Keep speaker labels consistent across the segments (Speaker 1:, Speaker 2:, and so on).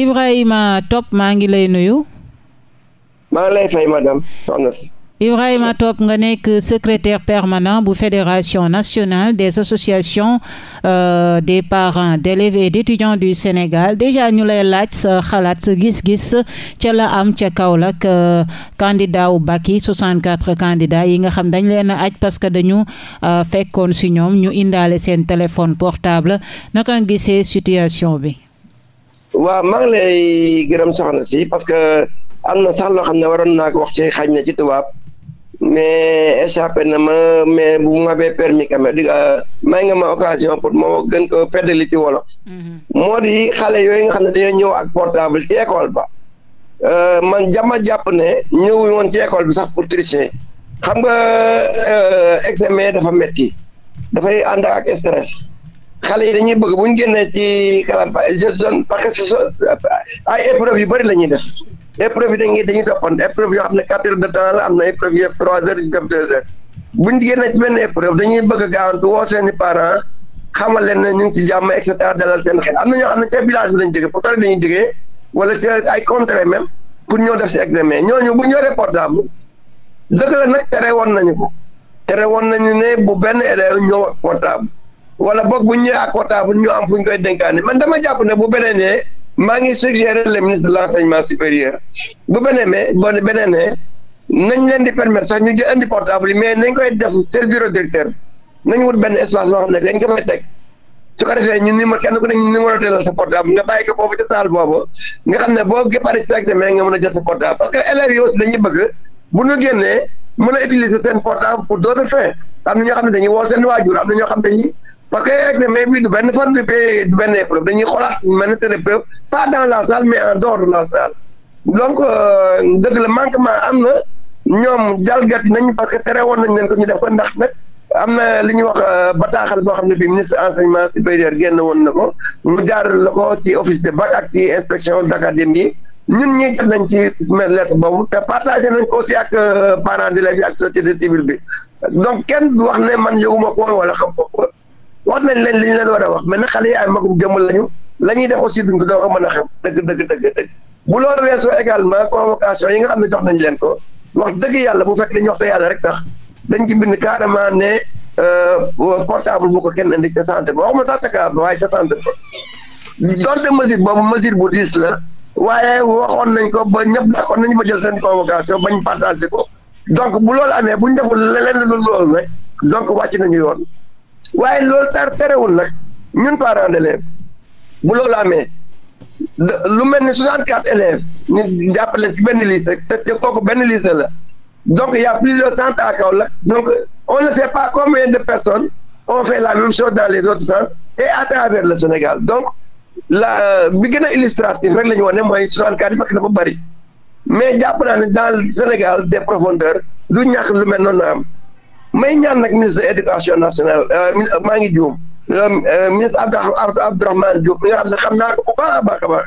Speaker 1: Ibrahima Top maa ngi lay nuyu.
Speaker 2: maa ngi lay fay madame soxna
Speaker 1: si. Ibrahima nga nekk secretaire permanent bu fédération nationale des associations euh, des parents d'élèves et d'étudiants du Sénégal déjà ñu lay laaj sa xalaat sa gis-gis ca la am ca Kaolack euh, candidat wu bac yi 64 candidats yi nga xam dañ leen a aj parce que dañu euh, fekkoon si ñoom ñu indaale seen téléphone portable naka nga gisee situation bi.
Speaker 2: waaw maa ngi lay gërëm soxna si parce que am na sax loo xam ne waroon naa wax ci xaj na ci tubaab mais échappé na ma mais bu ma bee permis quand euh, ma occasion pour moo gën ko feddali ci wolof mm-hmm. moo di xale yooyu nga xam ne dañoo ñëw ak portable ci école ba euh, man jama jàpp ne ñëwuñ woon ci école bi sax pour tricher xam nga euh, examen dafa metti dafay ànd ak stress xale yi dañuy bëgg bu ñu génnee ci calampa je zone parce yu bëri la ñuy def épreuve yi dañuy dañuy toppante épreuve yoo xam ne quatre heures de temps am na épreuve yu def trois heures yu def ñu benn épreuve dañuy bëgg gaawantu woo seeni parents xamal leen ne ñu ngi ci jàmm et cetera dalal am na ñoo xam ne ca village bi lañ jógee pour sori dañuy jógee ay contrées même pour ñoo def si examen ñooñu bu ñu yoree portable dëgg la nag tere woon nañu ko tere woon nañu ne bu benn élève ñoo portable wala boog bu ñu ñëwee à comptable ñu am fu ñu koy dénkaane man dama jàpp ne bu beneenee maa ngi suggérer le ministre de l' enseignement supérieur bu beneenee boo beneenee nañ leen di permettre sax ñu jël indi portable mais nañ koy def seen bureau directeur nañ wut benn espace boo xam ne dañ ko ñu numéro kenn ku ne sa portable nga bàyyi ko foofu ca saal boobu nga xam ne a jël sa portable parce que élèves yi aussi dañuy bëgg bu ñu génnee mën a utiliser seen portable pour d'autres fins am na ñoo xam ne dañuy woo seen waajur am na ñoo xam ne dañuy parce que examen bi du benn fa de du benn épreuve dañuy xoolaat mën na épreuve pas dans la salle mais en dehors la salle donc euh, dëgg la manquement am na ñoom jalgati nañu parce que tere woon nañ leen ko ñu def ko ndax nag am na li ñuy wax euh, bataaxal boo xam ne bi ministre enseignement supérieur génn woon na ko mu jaar la ko ci office de bac ak ci inspection d'académie ñun ñi jot nañ ci lettre boobu te partagé nañ ko aussi ak euh, parents d'élèves yi ak société civile bi donc kenn wax ne man yëguma ko wala xam ko wax nañ leen li ñu leen war a wax mais nag xale yi ay magum jëmm lañu la ñuy def aussi duñ ko doo ko mën a xam dëgg dëgg dëgg dëgg bu loolu weesoo également convocation yi nga xam ne jox nañ leen ko wax dëgg yàlla bu fekk li ñu wax te yàlla rek tax dañ ci bind carrément ne euh, portable bu ko kenn indi ca centre ba waxuma sax ca kaar ba waaye ca centre ba donte mesure boobu mesure bu diis la waaye waxoon nañ ko ba ñëpp d'accord nañu ba jël seen convocation bañ partagé ko donc bu loolu amee buñ deful leneen lu loolu rek donc wàcc nañu yoon waaye loolu tar wul nag ñun parents d'élèves bu loolu amee lu mel ni 64 élèves ñu jàppale ci benn lycée rek te te kooku benn lycée la donc y' a plusieurs centres à Kaolack donc on ne sait pas combien de personne ont fait la même chose dans les autres centres et à travers le Sénégal donc la euh, bi gën a illustratif rek la ñu wane mooy 64 yi fekk dafa bëri mais jàpp naa ne dans le Sénégal des profondeurs du ñàkk lu mel noonu am. may ñaan nag ministre de nationale euh, euh, maa ngi juum euh, ministre Abdou Abdourahmane Diouf mi nga xam ne xam naa ko bu baax a baax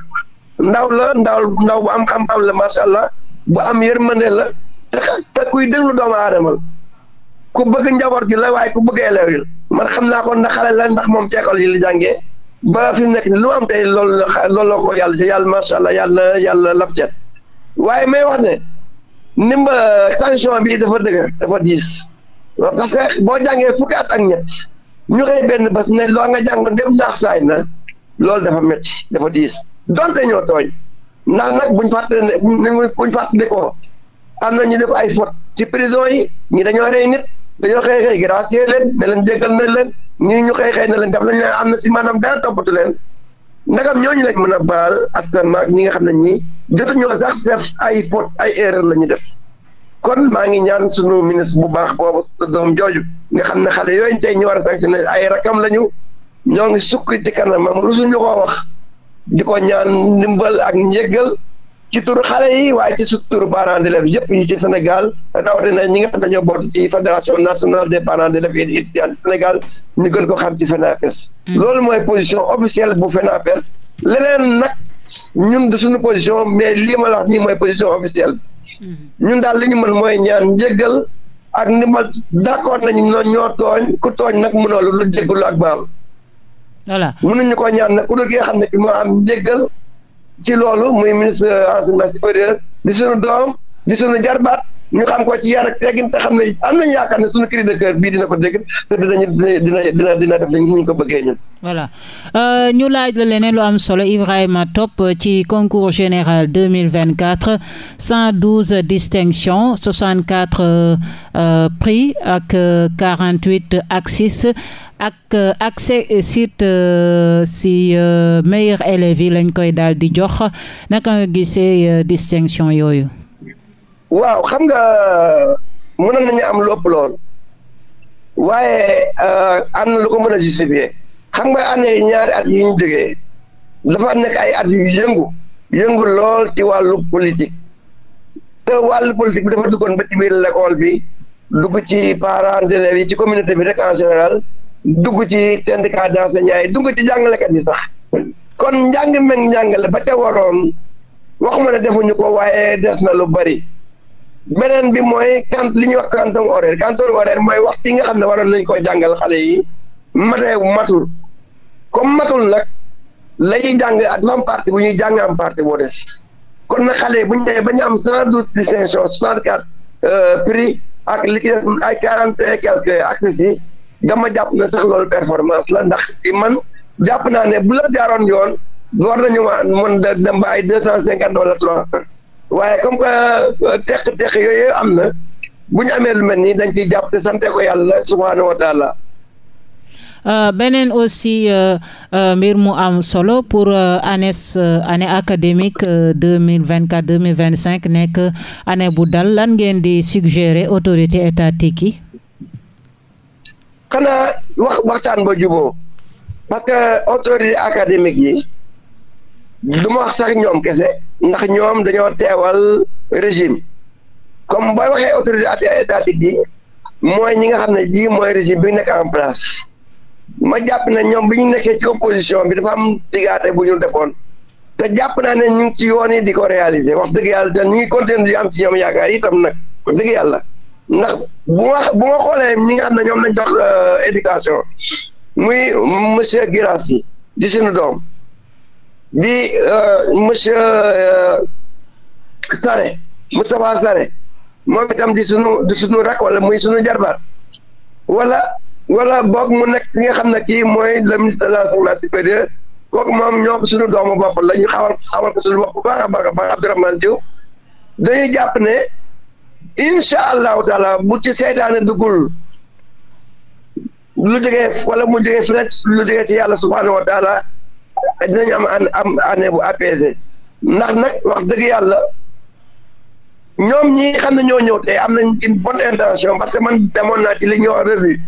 Speaker 2: ndaw la ndaw ndaw bu am xam-xam la macha allah bu am yërmande la te kuy déglu doomu aadama la ku bëgg njaboot gi la waaye ku bëgg élèves man xam naa ko ndax xale ndax moom ci école yi la jàngee ba fi nekk lu am tey loolu la loolu ko yàlla yàlla macha allah yàlla yàlla lab cet waaye may wax ne ni sanction bi dafa dëgg dafa diis. parce que boo jàngee fukki at ak ñett ñu xëy benn bés ne loo nga jàngoon dem naax saay na loolu dafa metti dafa diis donte ñoo tooñ ndax nag buñ fàttali ne buñ fàttali ko am na ñu def ay faute ci prison yi ñi dañoo rey nit dañoo xëy xëy gracier leen ne leen jéggal na leen ñu xëy xëy na leen def lañu leen am na si maanaam dara toppatu leen ñoo ñooñu lañ mën a baal askan maag ñi nga xam ne ñii jotuñoo sax def ay faute ay erreur la ñu def kon maa ngi ñaan sunu ministre bu baax boobu doom jooju nga xam ne xale yooyu tey ñu war a sanctionné ay rakam lañu ñoo ngi sukk ci kanam kanamam rusuñu ko wax di ko ñaan ndimbal ak njëggal ci turu xale yi waaye ci turu parents d'élèves yëpp yi ci senegal rawatina ñi nga xam ne ñoo bokk ci fédération nationale des parents d'élèves et étudiants du Sénégal ñu gën ko xam ci FENAPES. Hmm. loolu mooy position officielle bu FENAPES leneen nag. ñun de suñu position mais lii ma la wax mooy position officielle mhm. ñun daal li ñu mën mooy ñaan njëggal ak ni ma d'accord nañu noonu ñoo tooñ ku tooñ nag mënoo lu lu jéggalu ak baal. voilà ko ñaan nag ku dul ki xam ne bi moo am njëggal ci loolu muy ministre enseignement supérieur di suñu doom di suñu jarbaat. ñu xam ko ci yar ak teggin te xam ne am nañu yaakaar ne suñu cri de cœur bii dina ko dégg te dinañu ñu ko bëggee ñun.
Speaker 1: voilà euh, laaj la leneen lu am solo Ibrahima Top ci concours général deux mille vingt quatre cent douze distinctions soixante quatre euh, euh, prix ak quarante huit axis ak accès site si meilleurs élèves yi lañ koy daal di jox naka nga distinction yooyu. waaw xam nga
Speaker 2: mënoon nañu am lu lool waaye am euh, na lu ko mën a justifier xam nga année ñaari at yi ñu jógee dafa nekk ay at yu yëngu yëngu lool ci wàllu politique te wàllu politique bi dafa duggoon ba ci biir l'école bi dugg ci parents d'élèves yi ci communauté bi rek en général dugg ci syndicat d'enseignants yi dugg ci jàngalekat yi sax kon njàng meeg njàngale ba ca waroon waxuma ne defuñu ko waaye des na lu bari beneen bi mooy kan li ñuy wax quantum horaire quantum horaire mooy waxtu yi nga xam ne waroon nañ ko jàngal xale yi mateewu matul comme matul nag la ñuy jàng ak am bu ñuy jàng am partie boo des kon nag xale yi bu ñu nee ba ñu am cent douze distinction soixante quatre euh, prix ak li ci des ay quarante et quelques actrices dama jàpp na sax loolu performance la ndax man jàpp naa ne bu la jaaroon yoon war nañu ma mën dem ay deux cent cinquante wala trois waaye comme que euh, teq-teq yooyu am na bu ñu amee lu mel nii dañ ciy jàpp te sante ko yàlla subhaanahu wa taala
Speaker 1: euh, beneen aussi euh, euh, mbir mu am solo pour année année académique deux mille vingt quatre deux mille vingt cinq nekk année bu dal lan ngeen di suggérer autorité étatique yi.
Speaker 2: xanaa wax waxtaan ba juboo parce que autorité académique yi. du ma wax sax ñoom kese ndax ñoom dañoo teewal régime comme booy waxee autorité étatique yi mooy ñi nga xam ne jii mooy régime bi nekk en place ma jàpp ne ñoom bi ñu nekkee ci opposition bi dafa am digaate bu ñu defoon te jàpp naa ne ñu ngi ci yoon di ko réaliser wax dëgg yàlla te ñu ngi continuer di am ci ñoom yaakaar itam nag wax dëgg yàlla ndax bu ma xoolee ñi nga xam ne ñoom lañ jox euh, éducation muy monsieur Guirassy di suñu doom di uh, monsieur uh, Sare Moustapha Sare moom itam di sunu di sunu rak wala muy sunu jarbaar wala wala boog mu nekk ki nga xam ne kii mooy le ministre de l'enseignement supérieur kooku moom ñoo ko sunu doomu bopp la ñu xawal xawal ko sunu bopp bu baax a baax a baax Abdourahmane Diouf dañuy jàpp ne incha allahu taala bu ci seytaane duggul lu jógee wala mu jógee feneen lu jógee ci yàlla subhaanahu wa taala dinañ am am année bu apaisé ndax nag wax dëgg yàlla ñoom ñii xam ne ñoo ñëw tey am nañ une bonne intention parce que man demoon naa ci li ñuy wax revue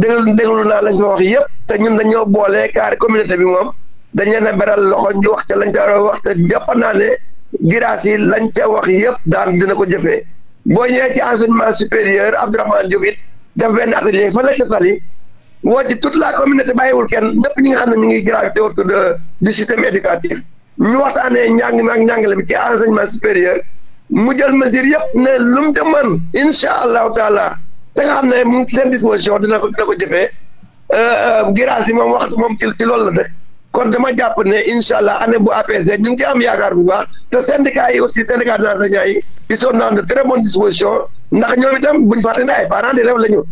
Speaker 2: déglu déglu naa lañ fa wax yëpp te ñun dañoo boole carré communauté bi moom dañ leen a beral loxo ñu wax ca lañ ca war a wax te jàpp naa ne giraas yi lañ ca wax yëpp daal dina ko jëfee boo ñëwee ci enseignement supérieur Abdourahmane Diop it def benn atelier fa la ca tali woo ci toute la communauté bàyyiwul kenn ñëpp ñi nga xam ne ñu ngi gravité autour de du système éducatif ñu waxtaanee njàng mi ak njàngale bi ci enseignement supérieur mu jël mesure yëpp ne lu mu ca mën incha allahu taala da nga xam ne mu ngi seen disposition dina ko dina ko jëfee euh, euh, giraas yi moom wax moom ci ci loolu la dëkk kon dama jàpp ne incha allah année bu APC ñu ngi ci am yaakaar bu baax te syndicats yi aussi syndicats d'enseignants yi ils sont dans de très bonnes ndax ñoom itam buñu fàtte ne ay parents d'élèves la ñu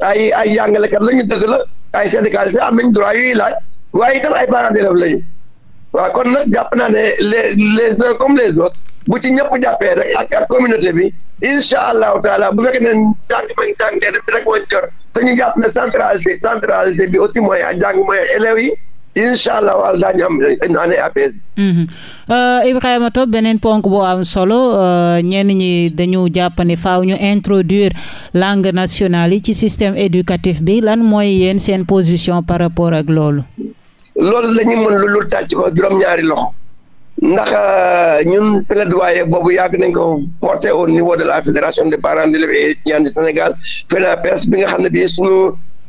Speaker 2: ay ay jàngalekat la ñu dëgg la ay syndicalistes am nañ droit yuy laaj waaye itam ay parents d'élèves lañu waaw kon nag jàpp naa ne les les uns comme les autres bu ci ñëpp jàppee rek ak ak communauté bi incha allahu taala bu fekkee ne jàng mañ jàng bi rek mooy kër te ñu jàpp ne centralité centralité bi aussi mooy jàng mooy élèves yi. incha allah wala daañu am une année
Speaker 1: mhm. euh, beneen ponk boo am solo euh, ñenn ñi dañu jàpp ne faaw ñu introduire langue nationale yi ci système éducatif bi lan mooy yéen seen position par rapport ak loolu.
Speaker 2: loolu la ñuy mën lu tàcc ko juróom-ñaari loxo ndax euh, ñun plaidoyer boobu yàgg nañ ko porté au niveau de la fédération des parents d'élèves et étudiants du Sénégal FENAPES bi nga xam ne bii sunu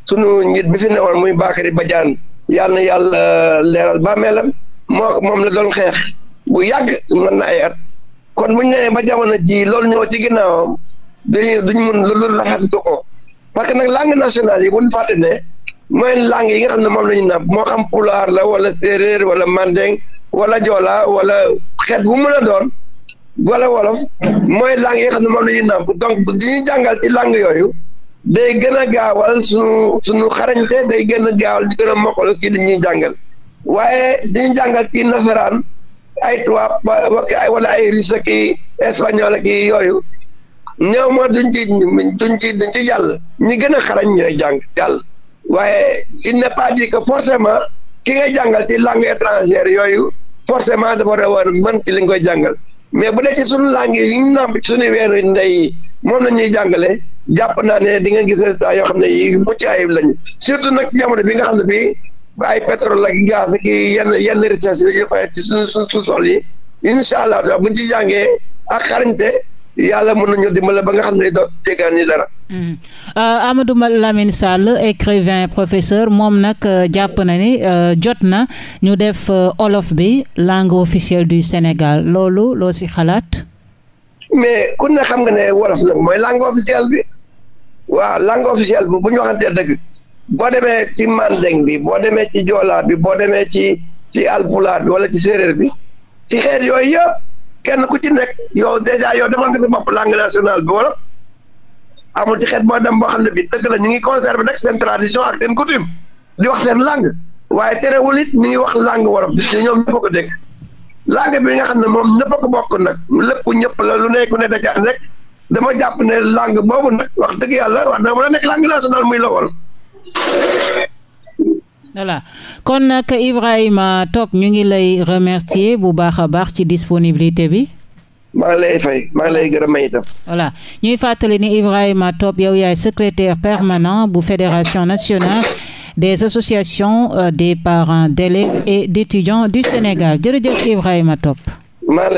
Speaker 2: sunu njiit bi fi newoon muy Bakary Badiane. yal na yàlla leeral bàmmeelam moo moom la doon xeex bu yàgg mën na ay kon bu ñu ba jamono ji loolu ñëw ci ginnaawam dañuy duñ mun loolu raxatu ko parce que nag langue nationale yi bu ñu fàtte ne mooy langue yi nga xam ne moom la ñu naan moo xam pulaar arla wala séeréer wala mandeng wala joola wala xeet bu mën a doon wala wolof mooy langue yi nga xam ne moom la ñu naan donc di ñu jàngal ci lang yooyu. day gën a gaawal suñu suñu xarañte day gën a gaawal di gën a mokkal aussi li ñuy jàngal waaye dañuy jàngal ci nasaraan ay tubaab wala ay ris ki espagnol ak yooyu ñëw ma duñ ci duñ ci duñ ci jàll ñi gën a xarañ ñooy jàng jàll waaye il n'est pas dit que ki ngay jàngal ci langue étrangère yooyu forcément dafa war a mën ci li nga koy jàngal mais bu dee ci suñu langue yi ñu nàmp ci suñu weeru ndey moom la ñuy jàngale jàpp naa ne di nga gis résultat yoo xam ne yi mucc lañu surtout nag jamono bi nga xam ne bii ay pétrole ak gaz ak yenn yenn richesse yi sol yi incha allah daal buñ ci jàngee ak xarañte yàlla mën nañu dimbale ba nga xam ne doo tegaan ni dara.
Speaker 1: Hmm. Euh, Amadou Lamine Sall écrivain professeur moom nag euh, jàpp na ni euh, jot na ñu def olof bi langue officielle du Sénégal loolu loo si xalaat.
Speaker 2: mais ku ne xam nga ne wolof nag mooy langue officielle bi. waaw langue officielle bu bu ñu waxantee dëgg boo demee ci mandeng bi boo demee ci joolaa bi boo demee ci ci alpulaar bi wala ci séeréer bi ci xeet yooyu yëpp kenn ku ci nekk yow dèjà yow demal nga sa bopp langue national bi wala amul ci xeet boo dem boo xam ne bi dëgg la ñu ngi conserver nag seen tradition ak seen coutume di wax seen langue waaye terewul it ñu ngi wax langue wolof bi ñoom ñëpp ko dégg langue bi nga xam ne moom ñëpp ko bokk nag lépp ñëpp la lu nekk ku ne da caa dama jàpp ne langue boobu nag wax dëgg yàlla wax na mën a nekk langue nationale muy lowal
Speaker 1: voilà kon nag Ibrahima Top ñu ngi lay remercier bu baax a baax ci disponibilité bi
Speaker 2: maa lay fay maa lay gërëm itam
Speaker 1: voilà ñuy fàttali ni Ibrahima Top yow yaay secrétaire permanent bu fédération nationale des associations euh, des parents d'élèves et d'étudiants du Sénégal jërëjëf Ibrahima Top
Speaker 2: maa